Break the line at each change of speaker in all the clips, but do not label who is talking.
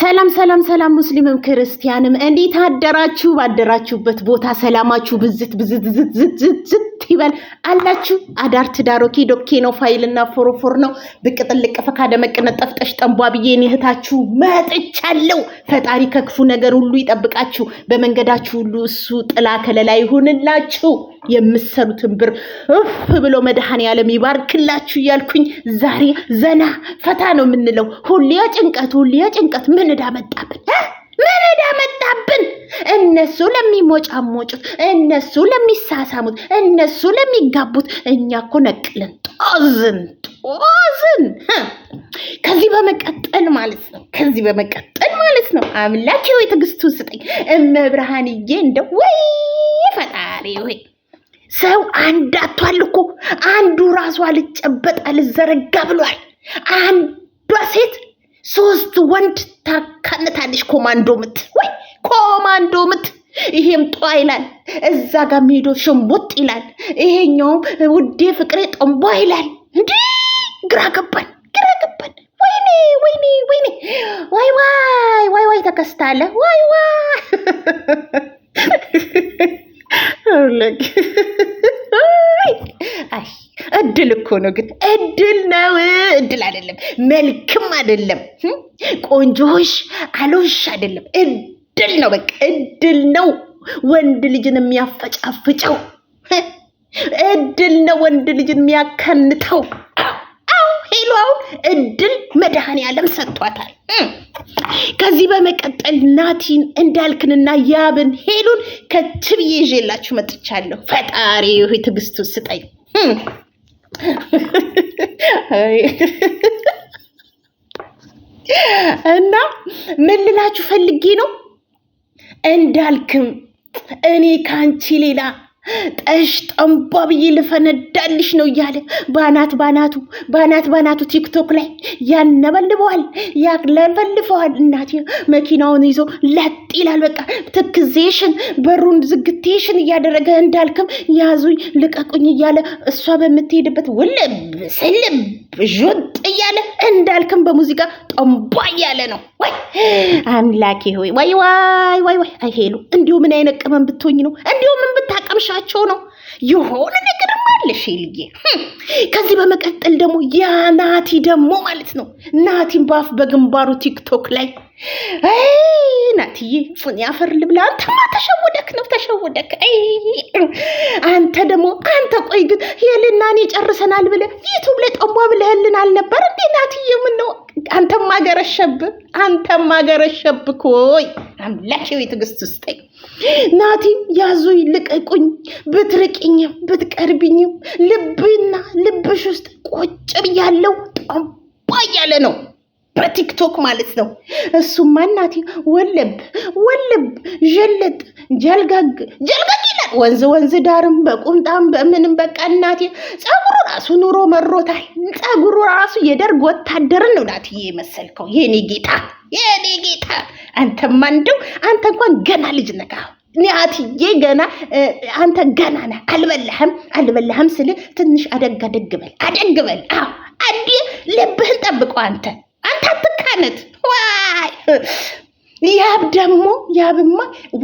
ሰላም ሰላም ሰላም ሙስሊምም ክርስቲያንም እንዴት አደራችሁ? ባደራችሁበት ቦታ ሰላማችሁ ብዝት ብዝት ዝት ዝት ዝት ይበል አላችሁ። አዳር ትዳሮኬ ዶኬ ነው ፋይልና ፎሮፎር ነው ብቅ ጥልቅ ፈካ ደመቅነት ጠፍጠሽ ጠንቧ ብዬ እኔ እህታችሁ መጥቻለሁ። ፈጣሪ ከክፉ ነገር ሁሉ ይጠብቃችሁ። በመንገዳችሁ ሁሉ እሱ ጥላ ከለላ ይሁንላችሁ። የምሰሩትን ብር እፍ ብሎ መድሃን ዓለም ይባርክላችሁ እያልኩኝ ዛሬ ዘና ፈታ ነው የምንለው። ሁሌ ጭንቀት፣ ሁሌ ጭንቀት ምን እዳ መጣብን። ምን ዕዳ መጣብን? እነሱ ለሚሞጫሞጩት፣ እነሱ ለሚሳሳሙት፣ እነሱ ለሚጋቡት እኛ እኮ ነቅልን ጦዝን ጦዝን። ከዚህ በመቀጠል ማለት ነው ከዚህ በመቀጠል ማለት ነው አምላኬ ወይ ትዕግስቱን ስጠኝ እመብርሃንዬ፣ እንደው ወይ ፈጣሪ ወይ ሰው አንድ አቷል እኮ አንዱ ራሷ ልጨበጥ አልዘረጋ ብሏል። አንዷ ሴት ሶስት ወንድ ታካነታለሽ። ኮማንዶ ምት ወይ ኮማንዶ ምት። ይሄም ጧ ይላል፣ እዛ ጋር ሚሄዶ ሽሙጥ ይላል፣ ይሄኛውም ውዴ ፍቅሬ ጠንቧ ይላል። እንዲ ግራ ገባን፣ ግራ ገባን። ወይኔ ወይኔ ወይኔ! ዋይ ዋይ ዋይ ዋይ! ተከስታለ ዋይ ዋይ! አይ እድል እኮ ነው ግን መልክም አይደለም ቆንጆሽ አሎሽ አይደለም። እድል ነው፣ በቃ እድል ነው ወንድ ልጅን የሚያፈጫፍጨው። እድል ነው ወንድ ልጅን የሚያከንተው። ሄሎ አሁን እድል መድኃኔዓለም ሰጥቷታል። ከዚህ በመቀጠል ናቲን እንዳልክንና ያብን ሄሉን ከችብ ይዤላችሁ መጥቻለሁ። ፈጣሪ ሆይ ትዕግስቱ ስጠኝ። እና ምን ልላችሁ ፈልጌ ነው እንዳልክም እኔ ከአንቺ ሌላ ጠሽ ጠንቧ ብዬ ልፈነዳልሽ ነው እያለ ባናት ባናቱ ባናት ባናቱ ቲክቶክ ላይ ያነበልበዋል ያለበልፈዋል። እናቴ መኪናውን ይዞ ለጥ ይላል። በቃ ትክዜሽን በሩን ዝግቴሽን እያደረገ እንዳልክም ያዙኝ ልቀቁኝ እያለ እሷ በምትሄድበት ውልብ ስልብ ዥጥ እያለ እንዳልክም በሙዚቃ ጠንቧ እያለ ነው። ወይ አምላኬ ሆይ ወይ ወይ ወይ ወይ አይሄሉ እንዲሁ ምን አይነት ቅመም ብትሆኝ ነው እንዲሁ ምን እየሳምሻቸው ነው። የሆነ ነገር አለሽ ልጌ። hm፣ ከዚህ በመቀጠል ደግሞ ያ ናቲ ደግሞ ማለት ነው ናቲን ባፍ በግንባሩ ቲክቶክ ላይ ናቲዬ ፉን ያፈር ልብላ። አንተማ ተሸወደክ ነው ተሸወደክ። አንተ ደግሞ አንተ ቆይ ግን የልናኔ ጨርሰናል ብለ ዩቱብ ላይ ጠሞ ብለህልን አልነበር እንዴ? ናቲዬ? ምን ነው አንተማ ገረሸብ፣ አንተማ ገረሸብ። ኮይ አምላሽ ወይ ትዕግስት ውስጠኝ ናቲም ያዙ ይልቀቁኝ፣ ብትርቅኝም ብትቀርብኝም ልብና ልብሽ ውስጥ ቆጭ ያለው ጠባ ያለ ነው። በቲክቶክ ማለት ነው። እሱማ ናቲ ወለብ ወለብ ዠለጥ ጀልጋግ ጀልጋ ወንዝ ወንዝ ዳርም በቁምጣም በምንም በቃ እናቴ ፀጉሩ ራሱ ኑሮ መሮታል። ፀጉሩ ራሱ የደርግ ወታደርን ነው ናትዬ የመሰልከው የኔ ጌታ የኔ ጌታ። አንተማ እንደው አንተ እንኳን ገና ልጅ ነካ ናትዬ ገና አንተ ገና ነህ። አልበላህም አልበላህም ስል ትንሽ አደግ አደግ በል አደግ በል። አዎ አንዴ ልብህን ጠብቆ አንተ አንተ አትካነት ዋይ ያብ ደግሞ ያብማ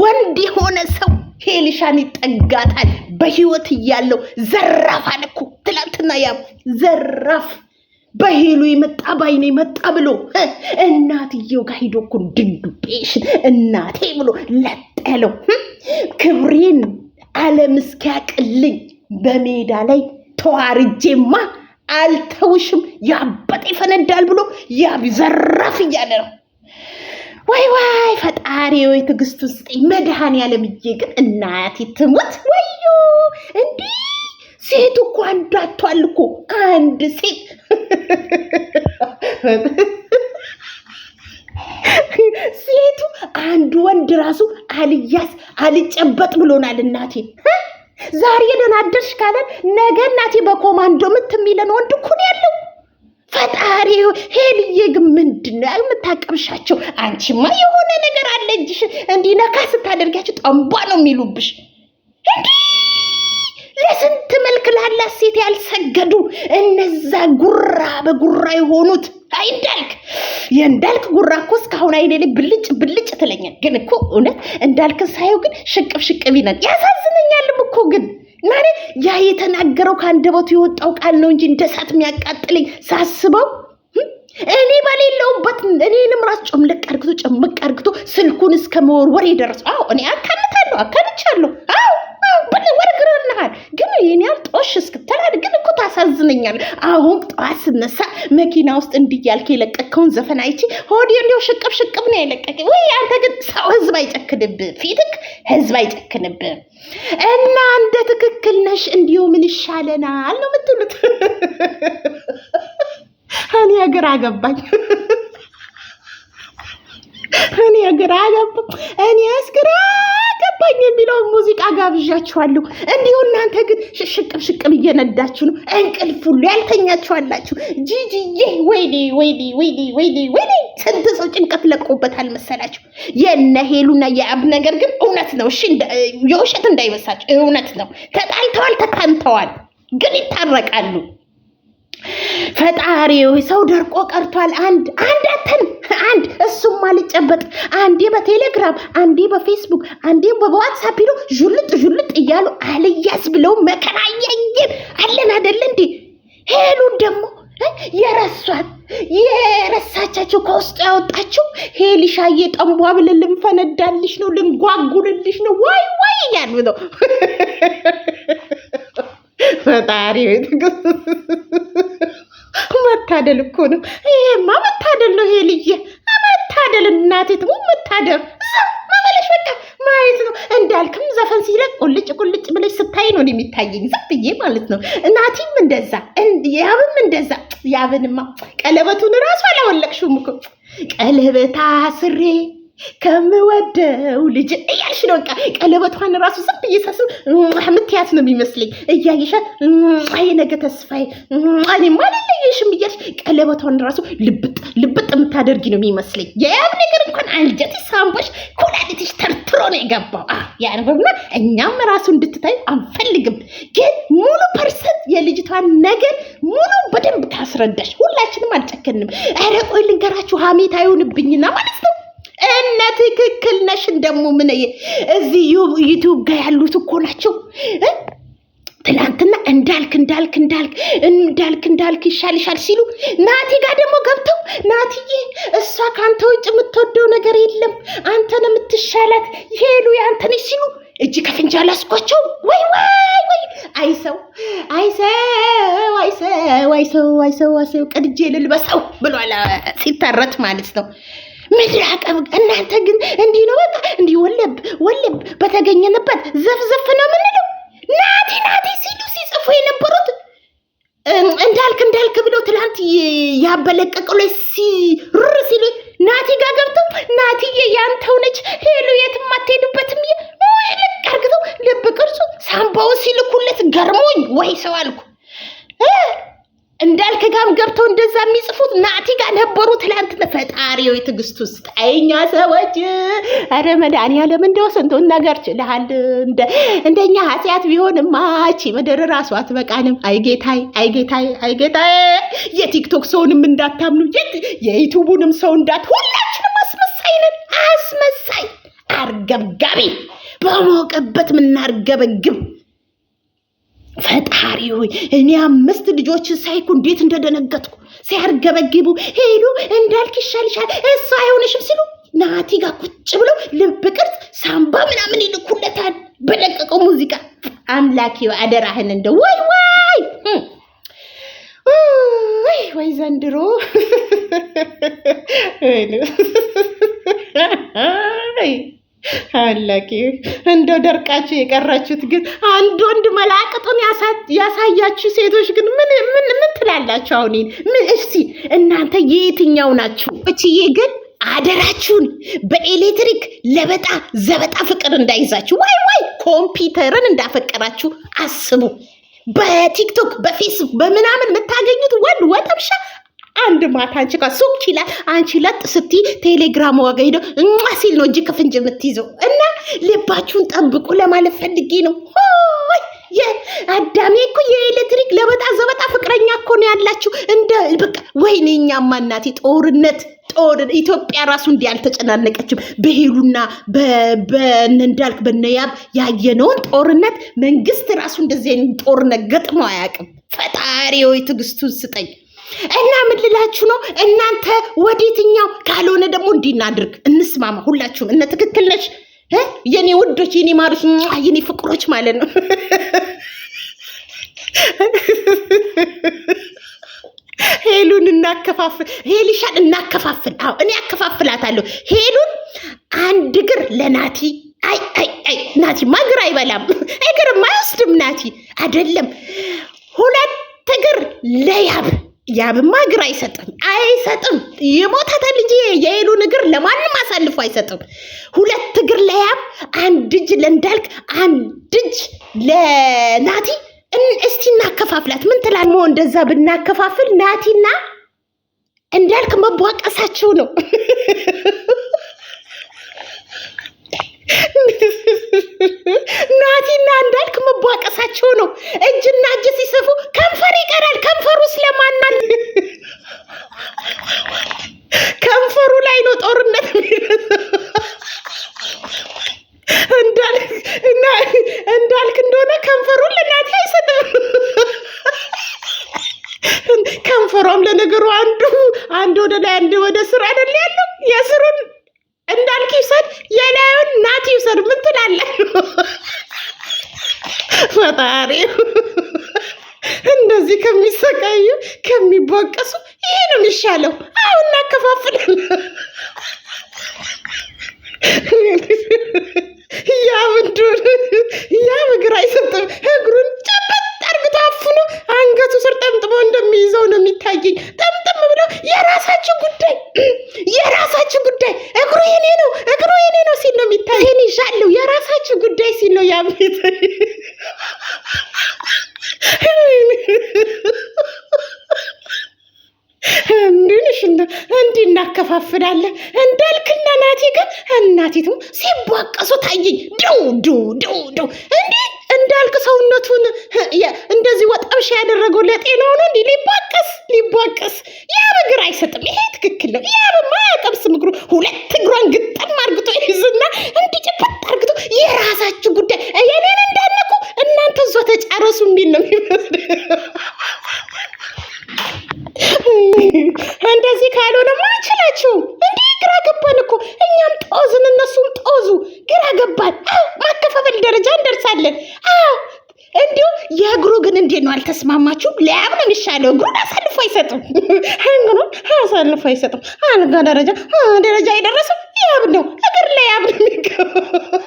ወንድ የሆነ ሰው ሄልሻን ይጠጋታል። በህይወት እያለው ዘራፍ አለ እኮ ትላንትና። ያ ዘራፍ በሄሉ የመጣ ባይነ የመጣ ብሎ እናትየው ጋር ሂዶ እኮ ድንዱቤሽን እናቴ ብሎ ለጠለው። ክብሬን ዓለም እስኪያቅልኝ በሜዳ ላይ ተዋርጄማ አልተውሽም። ያበጠ ይፈነዳል ብሎ ያ ዘራፍ እያለ ነው ወይ ወይ ፈጣሪ ወይ ትዕግስቱ ስጠኝ። መድኃኔዓለም ግን እናቴ ትሙት ወዩ እንዲህ ሴት እኮ አንዱ እኮ አንድ ሴት ሴቱ አንድ ወንድ ራሱ አልያዝ አልጨበጥ ብሎናል። እናቴ ዛሬ ደህና አደርሽ ካለን ነገ እናቴ በኮማንዶ ምት የሚለን ወንድ እኮ ነው ያለ ፈጣሪው ሄልዬ ግን ምንድን ነው የምታቀብሻቸው? አንቺማ የሆነ ነገር አለ እጅሽ እንዲህ ነካ ስታደርጋቸው ጠንቧ ነው የሚሉብሽ። ለስንት መልክ ላላት ሴት ያልሰገዱ እነዛ ጉራ በጉራ የሆኑት አይንዳልክ የእንዳልክ ጉራ እኮ እስካሁን አይኔ ላይ ብልጭ ብልጭ ትለኛል። ግን እኮ እውነት እንዳልክን ሳየው ግን ሽቅብ ሽቅብ ይነን ያሳዝነኛልም እኮ ግን ማለት ያ የተናገረው ከአንደበቱ የወጣው ቃል ነው እንጂ እንደ እሳት የሚያቃጥለኝ ሳስበው እኔ በሌለውበት እኔንም ራስ ጨምለቅ አርግቶ ጨምቅ አርግቶ ስልኩን እስከ መወርወር የደረሰው። አዎ እኔ አካንታለሁ፣ አካንቻለሁ። አዎ ወርግረናሃል። ግን የኔ ጦሽ እስክተላል ግን እኮ ታሳዝነኛል። አሁን ጠዋት ስነሳ መኪና ውስጥ እንዲያልክ የለቀቅከውን ዘፈን አይቼ ሆዴ እንዲያው ሽቅብ ሽቅብ ነው የለቀቀ። ወይ አንተ ግን ሰው ህዝብ አይጨክድብ ፊት ህዝብ አይጨክንብም እና እንደ ትክክል ነሽ እንዲሁ ምን ይሻለናል ነው የምትሉት። እኔ ሀገር አገባኝ እኔ ሀገር አገባ እኔ አስግራ ገባኝ የሚለውን ሙዚቃ ጋብዣችኋለሁ። እንዲሁ እናንተ ግን ሽቅብ ሽቅብ እየነዳችሁ ነው፣ እንቅልፍ ሁሉ ያልተኛችኋላችሁ። ጂጂዬ ወይኔ ወይኔ ወይኔ ወይኔ ወይኔ፣ ስንት ሰው ጭንቀት ለቆበት አልመሰላችሁ? የነ ሄሉና የአብ ነገር ግን እውነት ነው። እሺ የውሸት እንዳይመሳችሁ፣ እውነት ነው። ተጣልተዋል፣ ተካንተዋል፣ ግን ይታረቃሉ። ፈጣሪ ሰው ደርቆ ቀርቷል። አንድ አንድ አተን አንድ እሱም አልጨበጥ አንዴ በቴሌግራም አንዴ በፌስቡክ አንዴ በዋትሳፕ ይሉ ዥልጥ ዥልጥ እያሉ አልያዝ ብለው መከራ እያየን አለን አደለ እንዴ? ሄሉን ደግሞ የረሷት የረሳቻቸው ከውስጡ ያወጣቸው ሄልሻዬ ጠንቧ ብለን ልንፈነዳልሽ ነው ልንጓጉልልሽ ነው ዋይ ዋይ እያሉ ነው ፈጣሪ መታደል እኮ ነው። ይሄማ መታደል ነው። ይሄ ልየ መታደል እናቴ ትሙ መታደር ማመለሽ በቃ ማየት ነው እንዳልክም ዘፈን ሲለቅ ቁልጭ ቁልጭ ብለሽ ስታይ ነው የሚታየኝ ዝም ብዬ ማለት ነው። እናቲም እንደዛ ያብም እንደዛ ያብንማ ቀለበቱን ራሱ አላወለቅሽውም እኮ ቀለበታ ስሬ ከምወደው ልጅ እያልሽ ነው። በቃ ቀለበቷን ራሱ ዝም ብዬ ሳስብ ምትያት ነው የሚመስለኝ። እያየሻ አይ ነገ ተስፋዬ እኔ ማለለየሽም እያልሽ ቀለበቷን ራሱ ልብጥ ልብጥ የምታደርጊ ነው የሚመስለኝ። የያብ ነገር እንኳን አንጀትሽ፣ ሳንቦሽ ኩላሊትሽ ተርትሮ ነው የገባው። ያንበብና እኛም ራሱ እንድትታዩ አንፈልግም። ግን ሙሉ ፐርሰንት የልጅቷን ነገር ሙሉ በደንብ ታስረዳሽ። ሁላችንም አልጨከንም። ኧረ ቆይ ልንገራችሁ ሀሜት አይሆንብኝና ማለት ነው እነ ትክክል ነሽን። ደግሞ ምን እዚህ ዩቲዩብ ጋር ያሉት እኮ ናቸው። ትላንትና እንዳልክ እንዳልክ እንዳልክ እንዳልክ እንዳልክ ይሻል ይሻል ሲሉ ናቲ ጋር ደግሞ ገብተው ናቲዬ፣ እሷ ከአንተ ውጭ የምትወደው ነገር የለም አንተን የምትሻላት ሄሉ የአንተን ሲሉ እጅ ከፍንጅ አላስኳቸው። ወይ ወይ ወይ! አይ ሰው አይ ሰው አይ ሰው አይ ሰው አይ ሰው ቀድጄ ልልበሰው ብሏል ሲታረት ማለት ነው። ምድር አቀብ እናንተ ግን እንዲህ ነው በቃ እንዲህ ወለብ ወለብ በተገኘንበት ዘፍዘፍ ነው የምንለው። ናቲ ናቲ ሲሉ ሲጽፉ የነበሩት እንዳልክ እንዳልክ ብለው ትላንት ያበለቀቅ ላይ ሲሩር ሲሉ ናቲ ጋር ገብተው ናቲዬ ያንተው ነች ሄሎ የትም አትሄድበትም ሙሽልቅ አርግተው ልብ ቅርጹ ሳምባው ሲልኩለት ገርሞኝ ወይ ሰው አልኩ። ገብተው እንደዛ የሚጽፉት ናቲ ጋር ነበሩ ትላንትና። ትግስት ውስጥ ስጠኛ ሰዎች። ኧረ መድኃኒዓለም እንደው ስንቱን ነገር ችልሃል። እንደኛ ኃጢአት ቢሆንማ ይቺ ምድር ራሱ አትበቃንም። አይጌታይ አይጌታይ አይጌታይ። የቲክቶክ ሰውንም እንዳታምኑ የዩቱቡንም ሰው እንዳት ሁላችንም አስመሳይ ነን። አስመሳይ አርገብጋቢ በሞቀበት ምናርገበግብ ፈጣሪ ሆይ እኔ አምስት ልጆች ሳይኩ እንዴት እንደደነገጥኩ ሲያርገበግቡ ሄዱ እንዳልክ ይሻልሻል እሱ አይሆንሽም ሲሉ ናቲ ጋር ቁጭ ብለው ልብ ቅርጽ ሳምባ ምናምን ይልኩለታል በለቀቀው ሙዚቃ። አምላኪ አደራህን እንደ ወይ ወይ ወይ ወይ ዘንድሮ ወይ አላቂ እንደው ደርቃችሁ የቀራችሁት ግን አንድ ወንድ መላቅጡን ያሳያችሁ ሴቶች ግን ምን ምን ምን ትላላችሁ? አሁን ምን እስቲ እናንተ የየትኛው ናችሁ? እቺዬ ግን አደራችሁን በኤሌክትሪክ ለበጣ ዘበጣ ፍቅር እንዳይዛችሁ፣ ወይ ወይ ኮምፒውተርን እንዳፈቀራችሁ አስቡ። በቲክቶክ በፌስቡክ በምናምን የምታገኙት ወንድ ወጠብሻ አንድ ማታ አንቺ ጋር ሱቅ ይላል አንቺ ለጥ ስቲ ቴሌግራም ዋጋ ሄደው እማ ሲል ነው እጅ ከፍንጅ የምትይዘው እና ልባችሁን ጠብቁ ለማለት ፈልጌ ነው። አዳሜ እኮ የኤሌክትሪክ ለበጣ ዘበጣ ፍቅረኛ እኮ ነው ያላችሁ። እንደ በቃ ወይኔ እኛማ እናቴ ጦርነት ጦር ኢትዮጵያ ራሱ እንዲህ አልተጨናነቀችም። በሄሉና በነንዳልክ በነያብ ያየነውን ጦርነት መንግስት ራሱ እንደዚህ አይነት ጦርነት ገጥሞ አያውቅም። ፈጣሪ ሆይ ትዕግስቱን ስጠኝ። እና ምን ልላችሁ ነው እናንተ ወዴትኛው ካልሆነ ደግሞ እንዲናድርግ እንስማማ ሁላችሁም እነ ትክክል ነች የኔ ውዶች የኔ ማሮች የኔ ፍቅሮች ማለት ነው ሄሉን እናከፋፍል ሄሊሻን እናከፋፍል አዎ እኔ አከፋፍላታለሁ ሄሉን አንድ እግር ለናቲ አይ አይ አይ ናቲ ማግር አይበላም እግር ማይወስድም ናቲ አይደለም ሁለት እግር ለያብ ያብማ እግር አይሰጥም አይሰጥም። የሞተተ እንጂ የሄሉን እግር ለማንም አሳልፎ አይሰጥም። ሁለት እግር ለያብ፣ አንድ እጅ ለእንዳልክ፣ አንድ እጅ ለናቲ። እስቲ እናከፋፍላት። ምን ትላለህ? እንደዛ ብናከፋፍል ናቲና እንዳልክ መቧቀሳቸው ነው። ናቲና እንዳልክ መቧቀሳቸው ነው እጅ ራሳችሁን ምን ትላላችሁ? ፈጣሪ እንደዚህ ከሚሰቃዩ ከሚቧቀሱ ይሄ ነው የሚሻለው። አሁን እናከፋፍላለን። የራሳችሁ ጉዳይ የራሳችሁ ጉዳይ፣ እግሩ የኔ ነው እግሩ የኔ ነው ሲል ነው የሚታይ። ይሄን ይሻለው የራሳችሁ ጉዳይ ሲል ነው ያቤት እንድንሽ እንዲህ እናከፋፍላለን እንዳልክና ናቲ ግን እናቲቱ ሲቧቀሱ ታየኝ። ደው ደው ደው ደው እንዲህ እንዳልክ ሰውነቱን እንደዚህ ወጣብሻ ያደረገው ለጤናው ነው። እንዲህ ሊቧቀስ ሊቧቀስ እግር አይሰጥም። ይሄ ትክክል ነው። ያበማ አያጠብስም እግሩ። ሁለት እግሯን ግጠም አርግቶ ይዝና እንዲጭበት አርግቶ የራሳችሁ ጉዳይ የኔን እንዳነኩ እናንተ እዛ ተጫረሱ የሚል ነው የሚመስል። እንደዚህ ካልሆነማ አንችላቸውም። እንዲህ ግራ ገባን እኮ እኛም ጦዝን፣ እነሱም ጦዙ። ግራ ገባን። ማከፋፈል ደረጃ እንደርሳለን። አዎ እንዲሁ የእግሩ ግን እንዴት ነው? አልተስማማችሁም? ሊያብ ነው የሚሻለው እግሩን አይሰጥም። ህንግኖ አሳልፎ አይሰጥም። አልጋ ደረጃ ደረጃ አይደረስም። ያብ ነው እግር ላይ ያብ ነው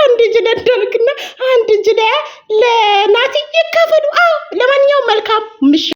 አንድ እጅ ለደርግና አንድ እጅ ለናቲ ይከፈሉ። አዎ ለማንኛውም መልካም ምሽ